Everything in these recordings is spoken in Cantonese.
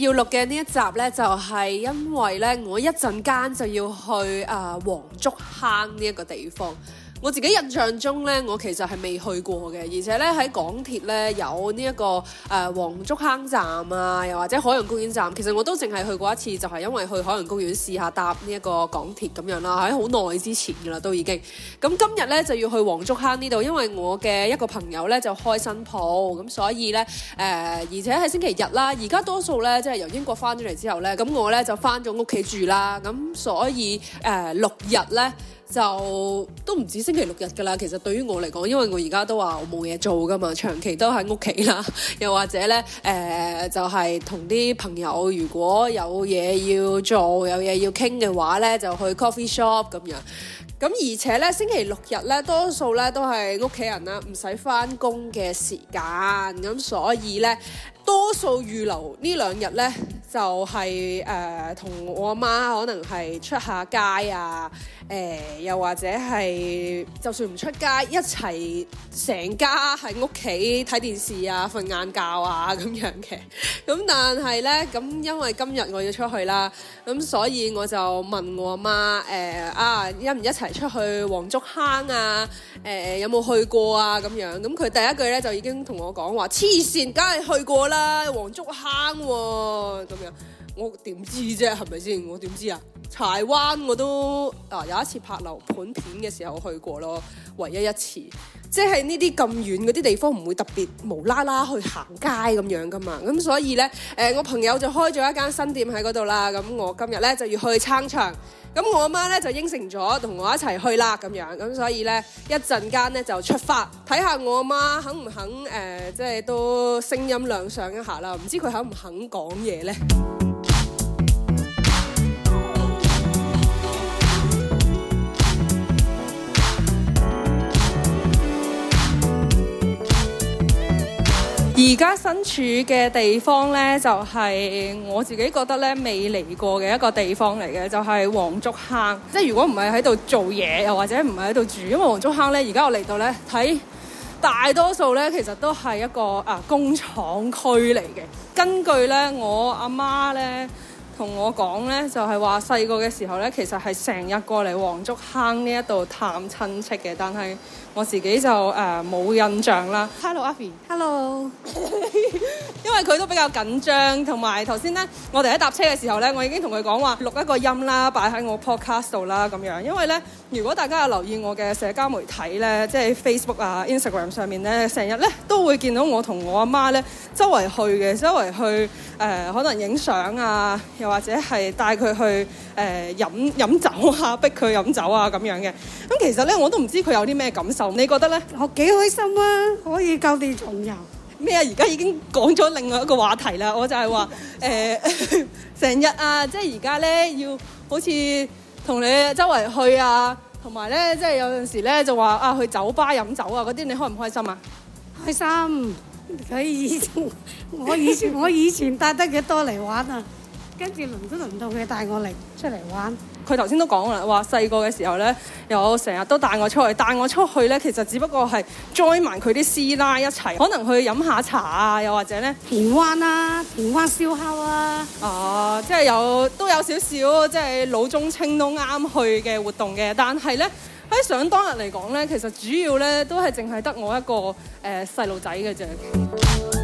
要錄嘅呢一集呢，就係、是、因為呢，我一陣間就要去啊黃、呃、竹坑呢一個地方。我自己印象中呢，我其實係未去過嘅，而且呢，喺港鐵呢，有呢、這、一個誒黃、呃、竹坑站啊，又或者海洋公園站，其實我都淨係去過一次，就係、是、因為去海洋公園試下搭呢一個港鐵咁樣啦，喺好耐之前噶啦都已經。咁今日呢，就要去黃竹坑呢度，因為我嘅一個朋友呢，就開新鋪，咁所以呢，誒、呃，而且係星期日啦。而家多數呢，即、就、係、是、由英國翻咗嚟之後呢，咁我呢，就翻咗屋企住啦。咁所以誒六、呃、日呢。就都唔止星期六日噶啦，其實對於我嚟講，因為我而家都話我冇嘢做噶嘛，長期都喺屋企啦，又或者咧，誒、呃、就係同啲朋友如果有嘢要做、有嘢要傾嘅話咧，就去 coffee shop 咁樣。咁而且咧，星期六日咧多數咧都係屋企人啦，唔使返工嘅時間，咁所以咧。多數預留呢兩日咧，就係誒同我媽可能係出下街啊，誒、呃、又或者係就算唔出街，一齊成家喺屋企睇電視啊、瞓晏覺啊咁樣嘅。咁但係咧，咁因為今日我要出去啦，咁所以我就問我媽誒、呃、啊，一唔一齊出去黃竹坑啊？誒、呃、有冇去過啊？咁樣咁佢第一句咧就已經同我講話黐線，梗係去過啦！黃竹坑喎咁樣，我點知啫？係咪先？我點知啊？柴灣我都啊有一次拍樓盤片嘅時候去過咯，唯一一次。即係呢啲咁遠嗰啲地方，唔會特別無啦啦去行街咁樣噶嘛。咁所以呢，誒，我朋友就開咗一間新店喺嗰度啦。咁我今日呢就要去撐場。咁我阿媽咧就應承咗同我一齊去啦咁樣，咁所以咧一陣間咧就出發，睇下我阿媽肯唔肯誒、呃，即係都聲音亮相一下啦，唔知佢肯唔肯講嘢咧。而家身處嘅地方呢，就係我自己覺得呢未嚟過嘅一個地方嚟嘅，就係黃竹坑。即係如果唔係喺度做嘢，又或者唔係喺度住，因為黃竹坑呢，而家我嚟到呢，睇大多數呢，其實都係一個啊工廠區嚟嘅。根據呢，我阿媽呢，同我講呢，就係話細個嘅時候呢，其實係成日過嚟黃竹坑呢一度探親戚嘅。但係我自己就誒冇、呃、印象啦。Hello，Avi。Hello Af。Hello. 因為佢都比較緊張，同埋頭先呢，我哋喺搭車嘅時候呢，我已經同佢講話錄一個音啦，擺喺我 podcast 度啦咁樣。因為呢，如果大家有留意我嘅社交媒體呢，即係 Facebook 啊、Instagram 上面呢，成日呢都會見到我同我阿媽呢，周圍去嘅，周圍去誒、呃、可能影相啊。又或者係帶佢去誒飲飲酒啊，逼佢飲酒啊，咁樣嘅咁，其實咧我都唔知佢有啲咩感受。你覺得咧？我幾開心啊！可以舊地重遊咩啊？而家已經講咗另外一個話題啦。我就係話誒，成、 呃、日啊，即係而家咧要好似同你周圍去啊，同埋咧即係有陣時咧就話啊去酒吧飲酒啊嗰啲，你開唔開心啊？開心佢以,以前 我以前我以前帶得佢多嚟玩啊！跟住輪都輪到佢帶我嚟出嚟玩。佢頭先都講啦，話細個嘅時候呢，有成日都帶我出去。帶我出去呢，其實只不過係 join 埋佢啲師奶一齊，可能去飲下茶啊，又或者呢，田灣啦、啊，田灣燒烤啦、啊。哦、啊，即係有都有少少，即係老中青都啱去嘅活動嘅。但係呢，喺想當日嚟講呢，其實主要呢，都係淨係得我一個誒細路仔嘅啫。呃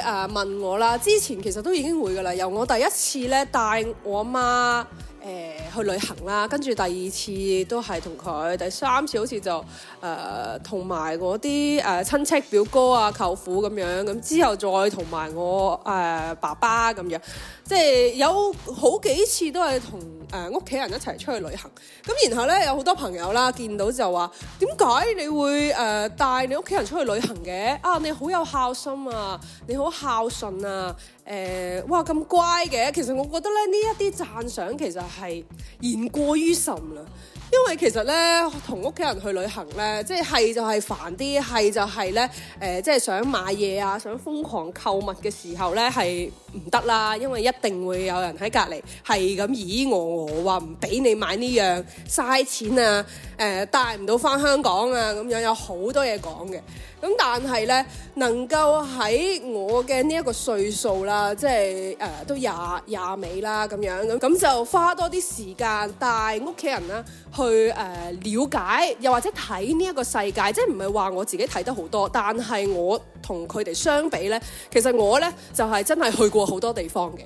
誒問我啦，之前其實都已經會噶啦，由我第一次咧帶我阿媽誒、呃、去旅行啦，跟住第二次都係同佢，第三次好似就誒同埋我啲誒、呃、親戚表哥啊、舅父咁樣，咁之後再同埋我誒、呃、爸爸咁樣，即係有好幾次都係同誒屋企人一齊出去旅行。咁然後咧有好多朋友啦，見到就話：點解你會誒、呃、帶你屋企人出去旅行嘅？啊，你好有孝心啊！你好。好孝順啊！誒、呃，哇，咁乖嘅。其實我覺得咧，呢一啲讚賞其實係言過于甚啦。因為其實咧同屋企人去旅行咧，即係就係煩啲，係就係咧誒，即係想買嘢啊，想瘋狂購物嘅時候咧係唔得啦，因為一定會有人喺隔籬係咁咦我我話唔俾你買呢樣嘥錢啊。誒、呃、帶唔到翻香港啊，咁樣有好多嘢講嘅。咁但係呢，能夠喺我嘅呢一個歲數、呃、啦，即係誒都廿廿尾啦，咁樣咁咁就花多啲時間帶屋企人啦去誒了解，又或者睇呢一個世界，即係唔係話我自己睇得好多，但係我同佢哋相比呢，其實我呢就係、是、真係去過好多地方嘅。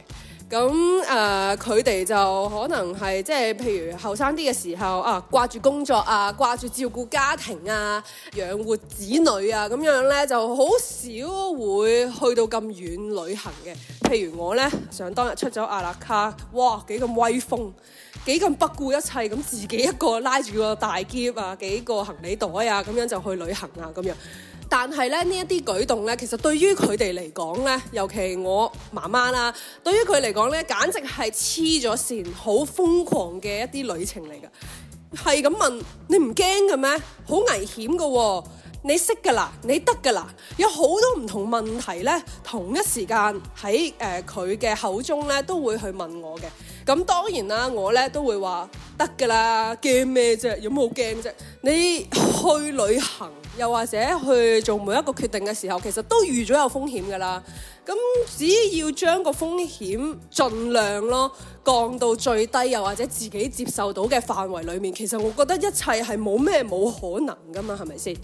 咁誒，佢哋、呃、就可能係即係，就是、譬如後生啲嘅時候啊，掛住工作啊，掛住照顧家庭啊，養活子女啊，咁樣咧就好少會去到咁遠旅行嘅。譬如我咧，想當日出咗阿拉卡，哇，幾咁威風，幾咁不顧一切咁自己一個拉住個大篋啊，幾個行李袋啊，咁樣就去旅行啊，咁樣。但係咧呢一啲舉動咧，其實對於佢哋嚟講咧，尤其我媽媽啦，對於佢嚟講咧，簡直係黐咗線，好瘋狂嘅一啲旅程嚟㗎。係咁問你唔驚㗎咩？好危險㗎喎！你識㗎喇，你得㗎喇，有好多唔同問題咧，同一時間喺誒佢嘅口中咧，都會去問我嘅。咁當然啦，我咧都會話。得噶啦，驚咩啫？有冇好驚啫？你去旅行，又或者去做每一個決定嘅時候，其實都預咗有風險噶啦。咁只要將個風險儘量咯降到最低，又或者自己接受到嘅範圍裡面，其實我覺得一切係冇咩冇可能噶嘛，係咪先？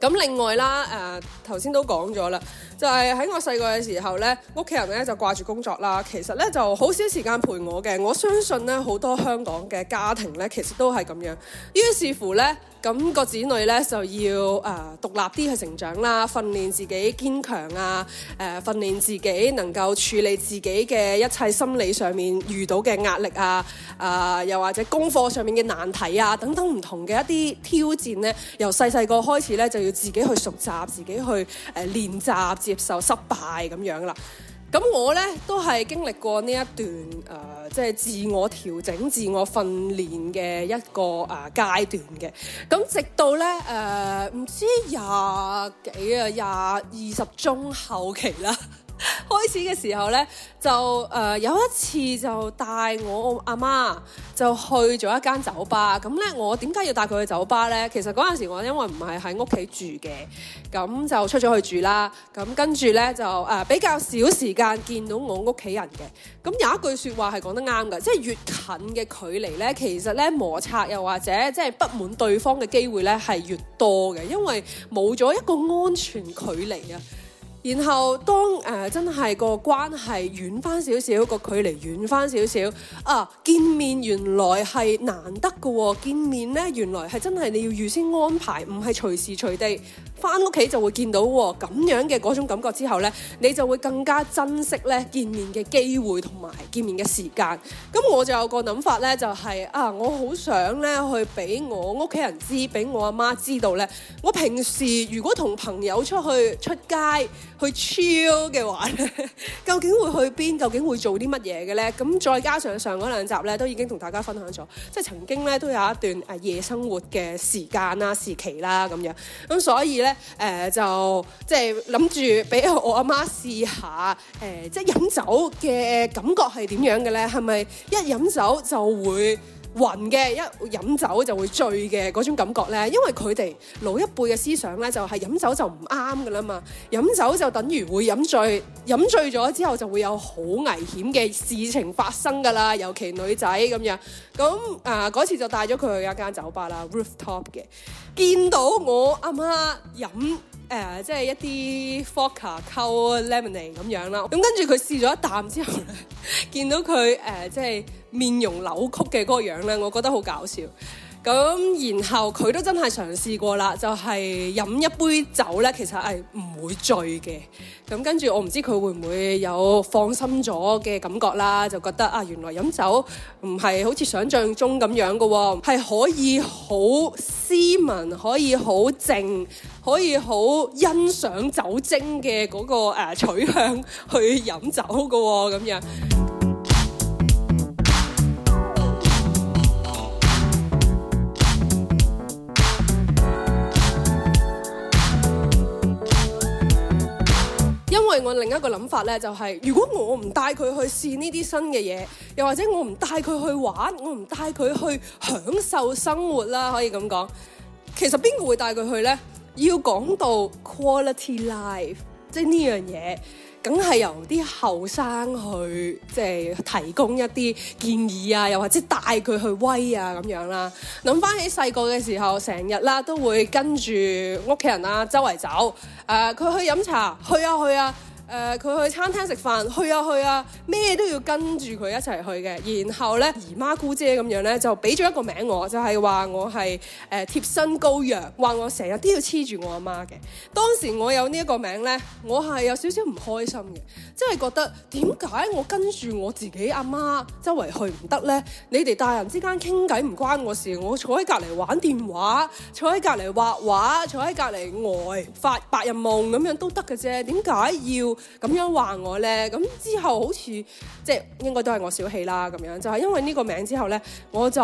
咁另外啦，誒頭先都講咗啦，就係喺我細個嘅時候咧，屋企人咧就掛住工作啦，其實咧就好少時間陪我嘅。我相信咧好多香港嘅家庭，咧，其實都係咁樣，於是乎呢咁、那個子女呢，就要誒、呃、獨立啲去成長啦，訓練自己堅強啊，誒、呃、訓練自己能夠處理自己嘅一切心理上面遇到嘅壓力啊，啊、呃、又或者功課上面嘅難題啊，等等唔同嘅一啲挑戰呢，由細細個開始呢，就要自己去熟習，自己去誒練習，接受失敗咁樣啦。咁我咧都係經歷過呢一段誒，即、呃、係、就是、自我調整、自我訓練嘅一個誒階、呃、段嘅。咁直到咧誒，唔、呃、知廿幾啊，廿二十中後期啦。開始嘅時候呢，就誒、呃、有一次就帶我阿媽就去咗一間酒吧。咁呢，我點解要帶佢去酒吧呢？其實嗰陣時我因為唔係喺屋企住嘅，咁就出咗去住啦。咁跟住呢，就、呃、誒比較少時間見到我屋企人嘅。咁有一句說話係講得啱嘅，即係越近嘅距離呢，其實呢摩擦又或者即係不滿對方嘅機會呢，係越多嘅，因為冇咗一個安全距離啊。然後當誒、呃、真係個關係遠翻少少，個距離遠翻少少，啊見面原來係難得嘅，哦，見面呢，原來係真係你要預先安排，唔係隨時隨地翻屋企就會見到咁，哦，樣嘅嗰種感覺之後呢，你就會更加珍惜呢見面嘅機會同埋見面嘅時間。咁我就有個諗法呢，就係、是、啊，我好想呢去俾我屋企人知，俾我阿媽知道呢。我平時如果同朋友出去出街，去 chill 嘅話咧，究竟會去邊？究竟會做啲乜嘢嘅咧？咁再加上上嗰兩集咧，都已經同大家分享咗，即係曾經咧都有一段啊夜生活嘅時間啦、時期啦咁樣。咁所以咧，誒、呃、就即係諗住俾我阿媽試下，誒、呃、即係飲酒嘅感覺係點樣嘅咧？係咪一飲酒就會？暈嘅？一飲酒就會醉嘅嗰種感覺呢？因為佢哋老一輩嘅思想呢，就係飲酒就唔啱噶啦嘛，飲酒就等於會飲醉，飲醉咗之後就會有好危險嘅事情發生噶啦，尤其女仔咁樣。咁啊嗰次就帶咗佢去一間酒吧啦，Rooftop 嘅，見到我阿媽飲。誒、呃，即係一啲 focaccia、er、cold lemonade 咁樣啦。咁跟住佢試咗一啖之後咧，見到佢誒、呃、即係面容扭曲嘅嗰個樣咧，我覺得好搞笑。咁，然後佢都真係嘗試過啦，就係、是、飲一杯酒呢，其實係唔會醉嘅。咁跟住，我唔知佢會唔會有放心咗嘅感覺啦，就覺得啊，原來飲酒唔係好似想像中咁樣㗎、哦，係可以好斯文，可以好靜，可以好欣賞酒精嘅嗰、那個、啊、取向去飲酒㗎喎、哦，咁樣。因為我另一個諗法咧、就是，就係如果我唔帶佢去試呢啲新嘅嘢，又或者我唔帶佢去玩，我唔帶佢去享受生活啦，可以咁講。其實邊個會帶佢去呢？要講到 quality life，即係呢樣嘢。梗係由啲後生去即係提供一啲建議啊，又或者帶佢去威啊咁樣啦。諗翻起細個嘅時候，成日啦都會跟住屋企人啊周圍走。誒、呃，佢去飲茶，去啊，去啊。誒佢，呃、去餐廳食飯，去啊去啊，咩都要跟住佢一齊去嘅。然後呢，姨媽姑姐咁樣呢，就俾咗一個名我，就係、是、話我係誒貼身羔羊，話我成日都要黐住我阿媽嘅。當時我有呢一個名呢，我係有少少唔開心嘅，即、就、係、是、覺得點解我跟住我自己阿媽周圍去唔得呢？你哋大人之間傾偈唔關我事，我坐喺隔離玩電話，坐喺隔離畫畫，坐喺隔離呆發白日夢咁樣都得嘅啫，點解要？咁樣話我呢，咁之後好似即係應該都係我小氣啦咁樣，就係因為呢個名之後呢，我就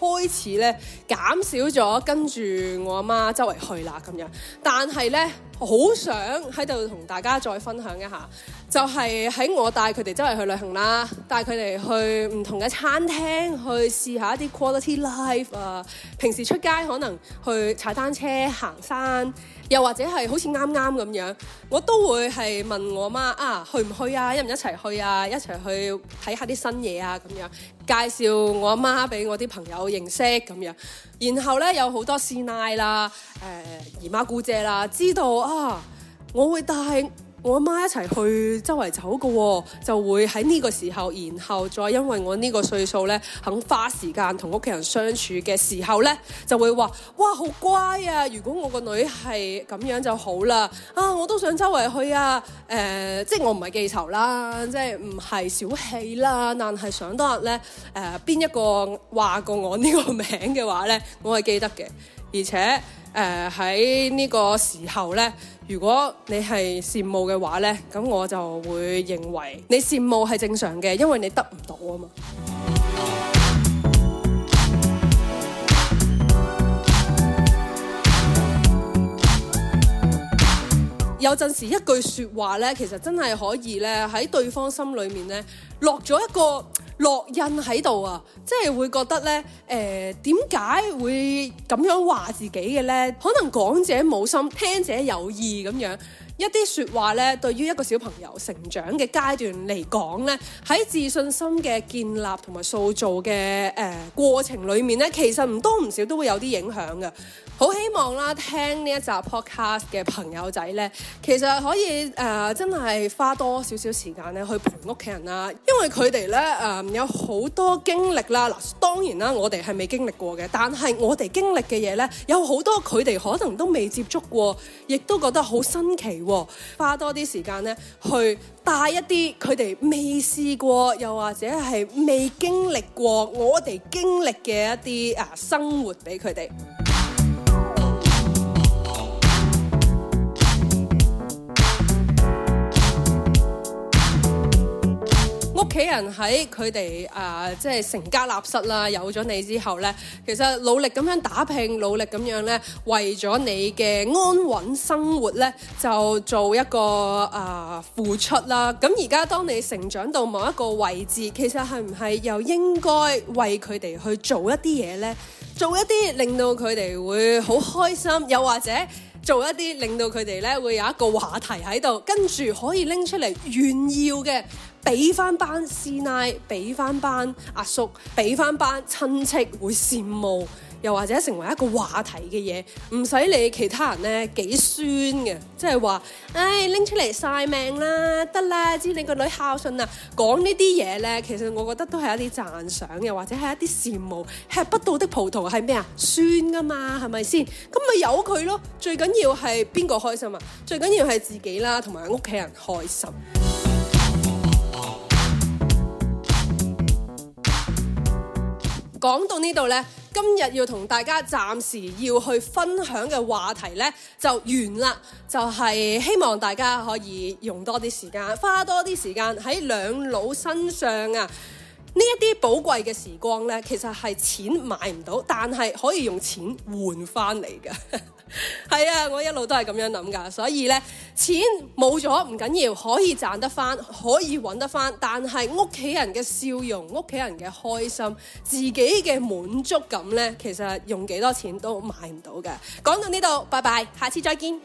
開始呢減少咗跟住我阿媽周圍去啦咁樣。但係呢，好想喺度同大家再分享一下，就係喺我帶佢哋周圍去旅行啦，帶佢哋去唔同嘅餐廳去試下一啲 quality life 啊。平時出街可能去踩單車、行山。又或者係好似啱啱咁樣，我都會係問我媽啊，去唔去啊？一唔一齊去啊？一齊去睇下啲新嘢啊？咁樣介紹我媽俾我啲朋友認識咁樣，然後呢，有好多師奶啦、誒、呃、姨媽姑姐啦，知道啊，我會帶，我阿媽一齊去周圍走嘅，哦，就會喺呢個時候，然後再因為我呢個歲數呢，肯花時間同屋企人相處嘅時候呢，就會話：哇，好乖啊！如果我個女係咁樣就好啦。啊，我都想周圍去啊。誒、呃，即係我唔係記仇啦，即係唔係小氣啦。但係想當日呢，誒、呃，邊一個話過我呢個名嘅話呢，我係記得嘅。而且誒喺呢個時候呢，如果你係羨慕嘅話呢，咁我就會認為你羨慕係正常嘅，因為你得唔到啊嘛。 有陣時一句說話呢，其實真係可以呢，喺對方心裏面呢，落咗一個烙印喺度啊，即係會覺得咧，誒、呃，點解會咁樣話自己嘅咧？可能講者冇心，聽者有意咁樣。一啲説話咧，對於一個小朋友成長嘅階段嚟講咧，喺自信心嘅建立同埋塑造嘅誒、呃、過程裏面咧，其實唔多唔少都會有啲影響嘅。好希望啦，聽呢一集 podcast 嘅朋友仔咧，其實可以誒、呃、真係花多少少時間咧去陪屋企人啦，因為佢哋咧誒有好多經歷啦。嗱，當然啦，我哋係未經歷過嘅，但係我哋經歷嘅嘢咧，有好多佢哋可能都未接觸過，亦都覺得好新奇。花多啲時間咧，去帶一啲佢哋未試過，又或者係未經歷過我哋經歷嘅一啲啊生活俾佢哋。屋企人喺佢哋啊，即係成家立室啦，有咗你之後咧，其實努力咁樣打拼，努力咁樣咧，為咗你嘅安穩生活咧，就做一個啊付出啦。咁而家當你成長到某一個位置，其實係唔係又應該為佢哋去做一啲嘢咧？做一啲令到佢哋會好開心，又或者做一啲令到佢哋咧會有一個話題喺度，跟住可以拎出嚟炫耀嘅。俾翻班師奶，俾翻班阿叔，俾翻班親戚會羨慕，又或者成為一個話題嘅嘢，唔使理其他人咧幾酸嘅，即係話，唉拎出嚟晒命啦，得啦，知你個女孝順啊，講呢啲嘢咧，其實我覺得都係一啲讚賞又或者係一啲羨慕，吃不到的葡萄係咩啊？酸㗎嘛，係咪先？咁咪由佢咯，最緊要係邊個開心啊？最緊要係自己啦，同埋屋企人開心。講到呢度呢，今日要同大家暫時要去分享嘅話題呢就完啦，就係希望大家可以用多啲時間，花多啲時間喺兩老身上啊，呢一啲寶貴嘅時光呢，其實係錢買唔到，但係可以用錢換返嚟嘅。 係啊，我一路都係咁樣諗噶，所以呢，錢冇咗唔緊要，可以賺得翻，可以搵得翻，但係屋企人嘅笑容，屋企人嘅開心、自己嘅滿足感呢，其實用幾多錢都買唔到噶。講到呢度，拜拜，下次再見。